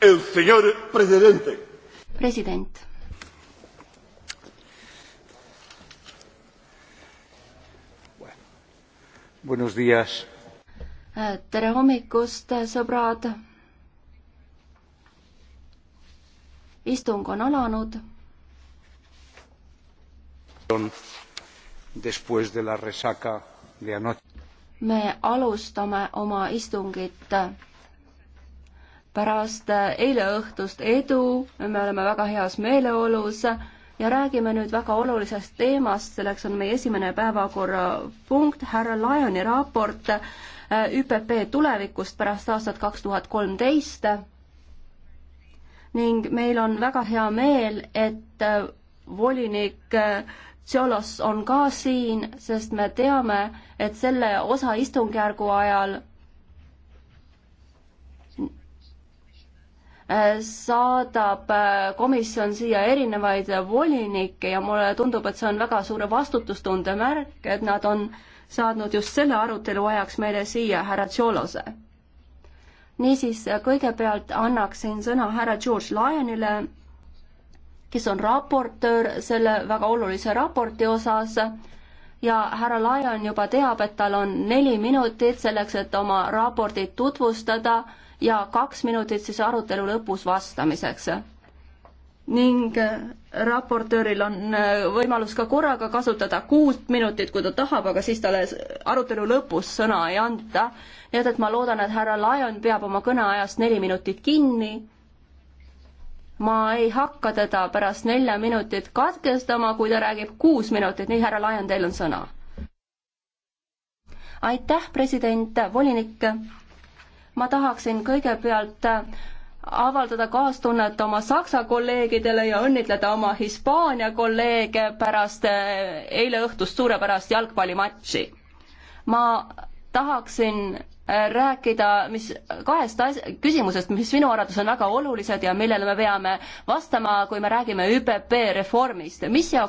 El señor presidente. President. Buenos días. Äh, tere hommikust, äh, sõbrad. istung on alanud. Después de la resaca de anoche. me alustame oma istungit pärast eileõhtust edu, me oleme väga heas meeleolus ja räägime nüüd väga olulisest teemast, selleks on meie esimene päevakorrapunkt, härra Laioni raport eh, ÜPP tulevikust pärast aastat kaks tuhat kolmteist. ning meil on väga hea meel, et eh, volinik eh, Tsiolos on ka siin, sest me teame, et selle osa istungjärgu ajal saadab äh, komisjon siia erinevaid volinikke ja mulle tundub, et see on väga suure vastutustunde märk, et nad on saadnud just selle arutelu ajaks meile siia härra Tšolose. niisiis, kõigepealt annaksin sõna härra George Lyonile, kes on raportöör selle väga olulise raporti osas ja härra Lyon juba teab, et tal on neli minutit selleks, et oma raportit tutvustada ja kaks minutit siis arutelu lõpus vastamiseks. ning äh, raportööril on äh, võimalus ka korraga kasutada kuut minutit, kui ta tahab, aga siis talle arutelu lõpus sõna ei anta. nii et, et ma loodan, et härra Lion peab oma kõneajast neli minutit kinni ma ei hakka teda pärast nelja minutit katkestama, kui ta räägib kuus minutit, nii härra Laian, teil on sõna. aitäh, president, volinik ma tahaksin kõigepealt avaldada kaastunnet oma Saksa kolleegidele ja õnnitleda oma Hispaania kolleege pärast äh, eile õhtust suurepärast jalgpallimatši. ma tahaksin äh, rääkida, mis kahest as-, küsimusest, mis minu arvates on väga olulised ja millele me peame vastama, kui me räägime ÜPP reformist, mis jaoks